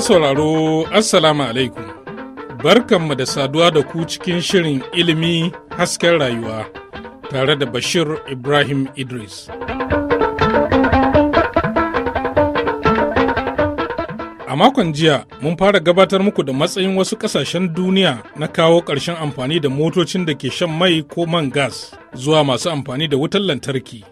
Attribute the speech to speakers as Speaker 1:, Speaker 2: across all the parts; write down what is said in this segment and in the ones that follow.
Speaker 1: sauraro, Assalamu alaikum. Barkanmu da saduwa da ku cikin shirin ilimi hasken rayuwa tare da Bashir Ibrahim Idris. A makon jiya mun fara gabatar muku da matsayin wasu ƙasashen duniya na kawo ƙarshen amfani da motocin da ke shan mai ko man gas zuwa masu amfani da wutar lantarki.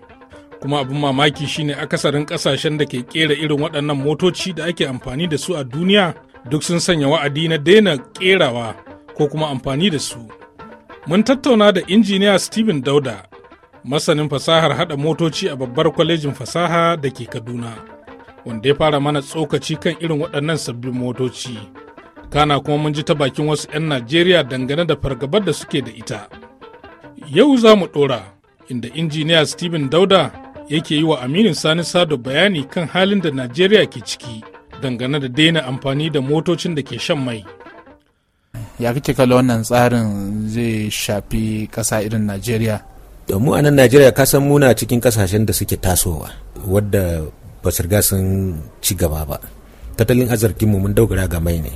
Speaker 1: kuma abin mamaki shine akasarin kasashen da ke kera irin waɗannan motoci da ake amfani da su a duniya duk sun sanya wa'adi na daina kerawa ko kuma amfani da su mun tattauna da injiniya steven dauda masanin fasahar haɗa motoci a babbar kwalejin fasaha da ke kaduna wanda ya fara mana tsokaci kan irin waɗannan sabbin motoci kana kuma mun ji ta bakin wasu 'yan najeriya dangane da fargabar da suke da ita yau za mu ɗora inda injiniya steven dauda yake yi wa aminu sani sado bayani kan halin da najeriya ke ciki dangane da daina amfani da motocin da ke shan mai
Speaker 2: ya kake kalla wannan tsarin zai shafi kasa irin najeriya mu a nan najeriya kasan muna cikin kasashen da suke tasowa wadda ba su riga sun ci gaba ba tattalin arzikinmu mun dogara ga mai ne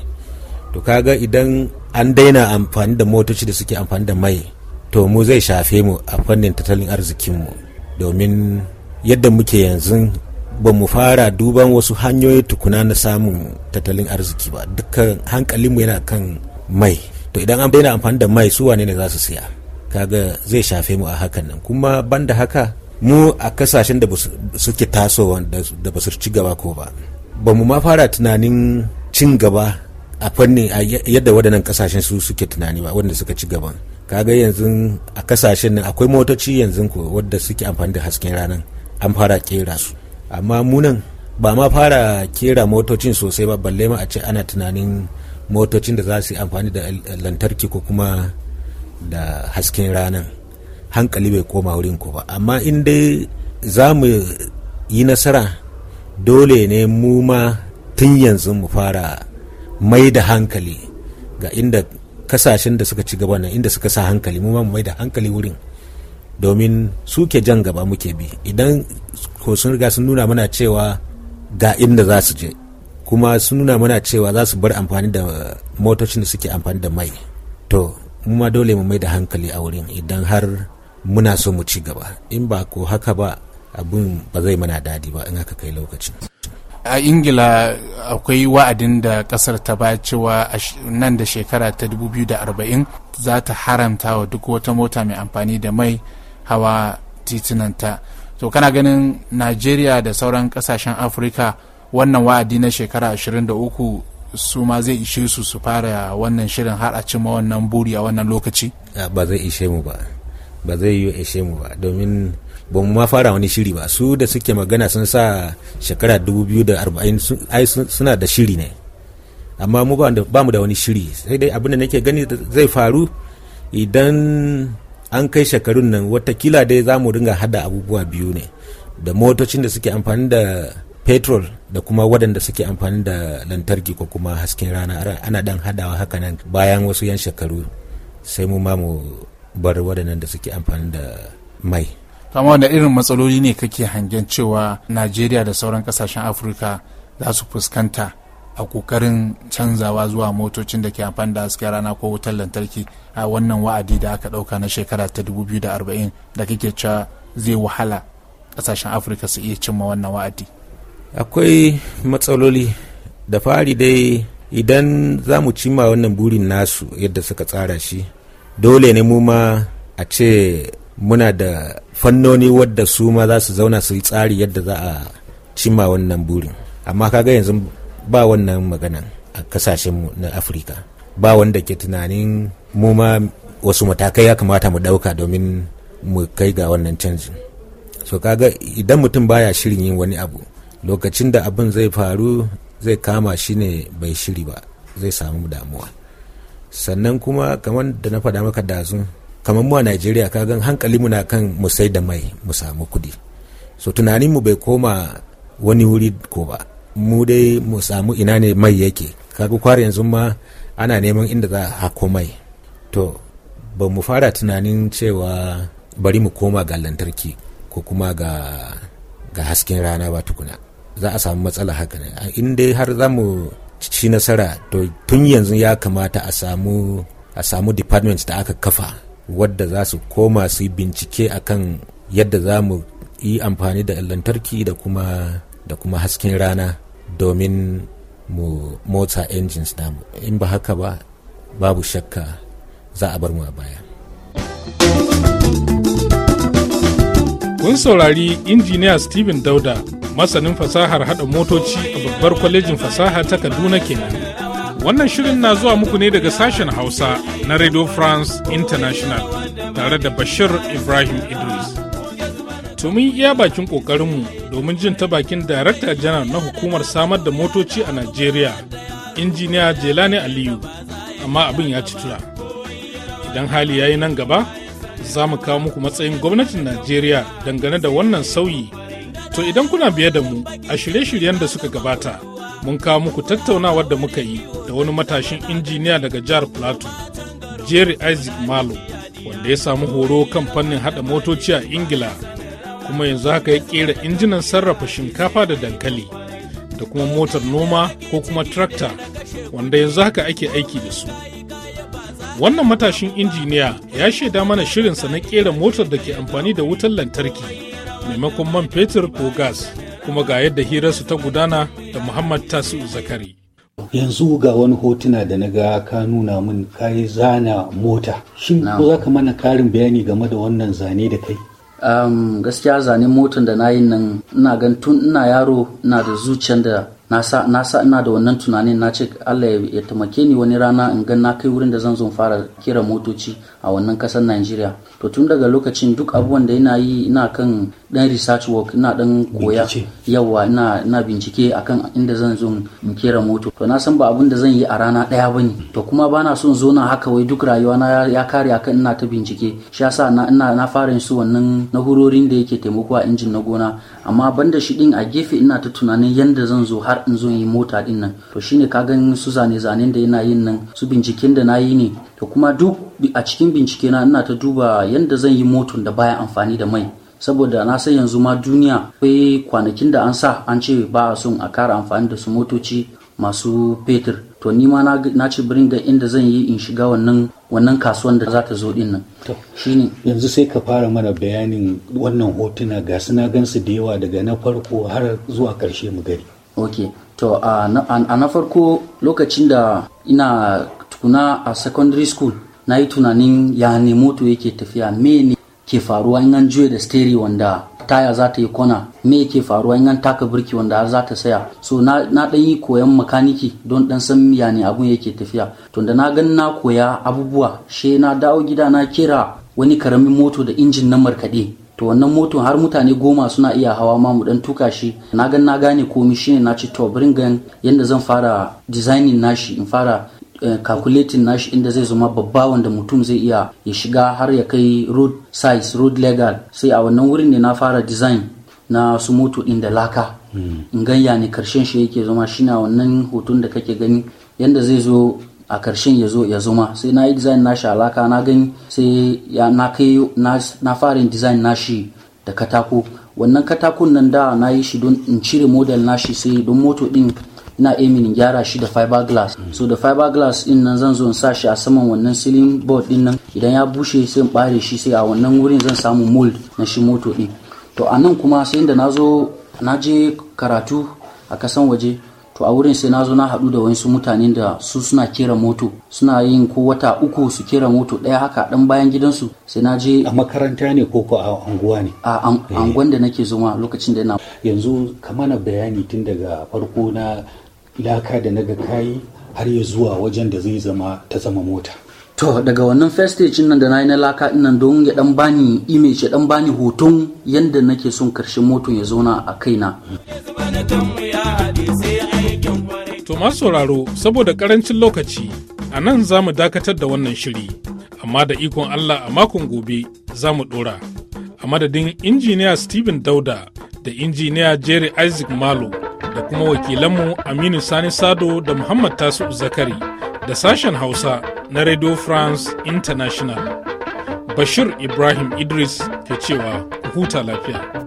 Speaker 2: to kaga idan an daina amfani da motoci da suke amfani da mai to mu zai shafe mu a fannin tattalin arzikinmu domin yadda muke yanzu ba mu fara duban wasu hanyoyi tukuna na samun tattalin arziki ba dukkan hankalinmu yana kan mai to idan an daina amfani da mai su wane ne za su siya kaga zai shafe mu a hakan nan kuma banda haka mu a kasashen da suke tasowa da ba su ci gaba ko ba ba mu ma fara tunanin cin gaba a fanni yadda waɗannan kasashen su suke tunani ba wanda suka ci gaban kaga yanzu a kasashen nan akwai motoci yanzu ko wadda suke amfani da hasken ranar an fara kera su amma munan ba ma fara kera motocin sosai ba balle ma a ce ana tunanin motocin da za su yi amfani da lantarki ko kuma da hasken ranar hankali bai koma wurin ko ba amma in dai za mu yi nasara dole ne mu ma tun yanzu mu fara mai da hankali ga inda kasashen da suka ci gaba nan inda suka sa hankali mu ma mai da hankali wurin domin suke jan gaba muke bi idan ko sun riga sun nuna mana cewa ga inda za su je kuma sun nuna mana cewa za su bar amfani da motocin da suke amfani da mai to mu ma dole mu mai da hankali a wurin idan har muna so mu ci gaba in ba ko haka ba abin ba zai mana dadi ba in haka kai lokacin
Speaker 1: a ingila akwai wa'adin da kasar ta ba cewa nan da shekara ta 2040 za ta haramta wa duk wata mota mai amfani da mai hawa titunanta to kana ganin najeriya da sauran kasashen afirka wannan wa'adi na shekara 23 su ma zai ishe su su fara wannan shirin har a cima wannan buri a wannan lokaci
Speaker 2: ba zai ishe mu ba ba zai yi ishe mu ba domin ba mu ma fara wani shiri ba su da suke magana sun sa shekara 2040 ai suna da shiri ne amma mu ba mu da wani shiri sai dai abin da nake gani zai faru idan an kai shekarun nan watakila dai za mu ringa hada abubuwa biyu ne da motocin da suke amfani da petrol da kuma waɗanda suke amfani da lantarki ko kuma hasken rana ana dan hadawa haka nan bayan wasu yan shekaru sai mu ma mu bar waɗannan da suke amfani da mai
Speaker 1: kama wanda irin matsaloli ne kake hangen cewa najeriya da sauran kasashen afirka za su fuskanta a kokarin canzawa zuwa motocin da ke amfani da hasken rana ko wutar lantarki a wannan wa'adi da aka dauka na shekara ta 2040 da kake cewa zai wahala kasashen afirka su iya cimma wannan wa'adi
Speaker 2: akwai matsaloli da fari dai idan za mu cimma wannan burin nasu yadda suka tsara shi dole ne mu ma a ce muna da fannoni wadda su ma za su zauna su yi tsari yadda za a cimma wannan burin amma kaga yanzu ba wannan maganan a kasashen na afirka ba wanda ke tunanin mu ma wasu matakai ya kamata mu ɗauka domin mu kai ga wannan canjin so kaga idan mutum baya shirin yin wani abu lokacin da abin zai faru zai kama shi ne bai shiri ba zai samu damuwa sannan kuma kamar da na faɗa maka dazu kamar mu a najeriya kagan hankali muna kan mu sai da mai mu samu kuɗi so tunanin mu bai koma wani wuri ko ba mu dai mu samu ina ne mai yake kaga kwari yanzu ma ana neman inda za a hako mai to ba mu fara tunanin cewa bari mu koma ga lantarki ko kuma ga ga hasken rana ba tukuna za a samu matsala haka ne in dai har za mu ci nasara to tun yanzu ya kamata a samu a samu department da aka kafa wadda za su koma su yi bincike akan yadda za mu yi amfani da lantarki da kuma da kuma hasken rana domin mu motsa engines namu in ba haka ba babu shakka za a bar mu a baya
Speaker 1: kun saurari injiniya steven dauda masanin fasahar hada motoci a babbar kwalejin fasaha ta kaduna kenan wannan shirin na zuwa muku ne daga sashen hausa na radio france international tare da bashir ibrahim idris to mun iya bakin ƙoƙarinmu domin jin ta bakin darakta janar na hukumar samar da motoci a najeriya injiniya jelani aliyu amma abin ya ci tura idan hali ya yi nan gaba za mu kawo muku matsayin gwamnatin najeriya dangane da wannan sauyi to idan kuna biye da mu a shirye-shiryen da suka gabata mun kawo muku tattaunawar da muka yi da wani matashin injiniya daga jihar plateau jerry isaac malo wanda ya samu horo kan fannin hada motoci a ingila kuma yanzu haka ya kera injinan sarrafa shinkafa da dankali da kuma motar noma ko kuma trakta wanda yanzu haka ake aiki da su wannan matashin injiniya ya shaida mana shirinsa na kera motar da ke amfani da wutar lantarki maimakon man fetur ko gas kuma ga yadda hirarsu ta gudana da muhammad tasiru zakari
Speaker 3: yanzu ga wani hotuna da na ga ka nuna min kayi zana mota shin ko za ka mana karin bayani game da wannan zane da kai um, gaskiya zanen motan da na yi nan ina gan tun ina yaro ina da zuciyar da na sa ina da wannan tunanin na ce Allah ya taimake ni wani rana in ga na kai wurin da zan zo fara kira motoci a wannan kasar Najeriya to tun daga lokacin duk abubuwan da ina yi ina kan dan research work ina dan koya yawa ina bincike akan inda zan zo in kira moto to na san ba abin da zan yi a rana daya bane to kuma bana son zo na haka wai duk rayuwa na ya kare akan ina ta bincike shi yasa na ina na fara su wannan na hurorin da yake taimako a injin na gona amma banda shi din a gefe ina ta tunanin yanda zan zo har in zo yi mota din nan to shine ka ganin su zane zanen da yana yin nan su binciken da na yi ne to kuma duk a cikin bincike na ina ta duba yadda zan yi moton da baya amfani da mai saboda na san yanzu ma duniya akwai kwanakin da an sa an ce ba a son a kara amfani da su motoci masu fetur to ni ma na ci birin ga inda zan yi in shiga wannan wannan kasuwan da za ta zo din nan shine yanzu sai ka fara mana bayanin wannan hotuna ga suna gansu da yawa daga na farko har zuwa karshe mu gari ok to a na farko lokacin da ina tukuna a secondary school na yi tunanin ya ne moto yake tafiya me ne ke faruwa in an juya da steri wanda taya za ta yi kona me ke faruwa in an taka birki wanda har za ta saya so na ɗan yi koyan makaniki don ɗan san ya ne abun yake tafiya to da na gan na koya abubuwa she na dawo gida na kira wani karamin moto da injin na markaɗe to wannan moton har mutane goma suna iya hawa ma mu dan tuka shi na gan na gane komai shine na ci to bring gan yanda zan fara designing nashi in fara eh, calculating nashi inda zai zama babba wanda mutum zai iya ya shiga har ya kai road size road legal sai a wannan wurin ne na fara design na su moto din da laka hmm. in ganya ne karshen shi yake zama shine wannan hoton da kake gani yanda zai zo a ƙarshen ya zo ya zuma sai na yi design na alaka na gani sai na kai na fara design na shi da katako wannan katakon nan da na yi shi don in cire model nashi sai don moto din ina aimin gyara shi da fiberglass so da fiberglass din nan zan zo in sa shi a saman wannan ceiling board din nan idan ya bushe sai in bare shi sai a wannan wurin zan samu mold na shi moto din to a nan kuma sai da na zo na je karatu a kasan waje to a wurin sai na zo na haɗu da wasu mutanen da su suna kera moto suna yin ko wata uku su kera moto ɗaya haka ɗan bayan gidansu sai na je a makaranta ne ko ko a anguwa ne a anguwan eh. da nake zama lokacin da na yanzu na bayani tun daga farko na laka da naga kayi har ya zuwa wajen da zai zama ta zama mota to daga wannan first stage nan da nayi na laka nan don ya dan bani image ya dan bani hoton yanda nake son karshen moton ya zauna a kaina na To masu
Speaker 1: sauraro saboda karancin lokaci a nan za mu dakatar da wannan shiri, amma da ikon Allah a makon gobe za mu ɗora. A madadin injiniya Steven Dauda da injiniya Jerry Isaac Malo da kuma wakilanmu Aminu Sani Sado da Muhammad Tasu Zakari da sashen Hausa na Radio France International.
Speaker 2: Bashir Ibrahim Idris ke cewa huta lafiya.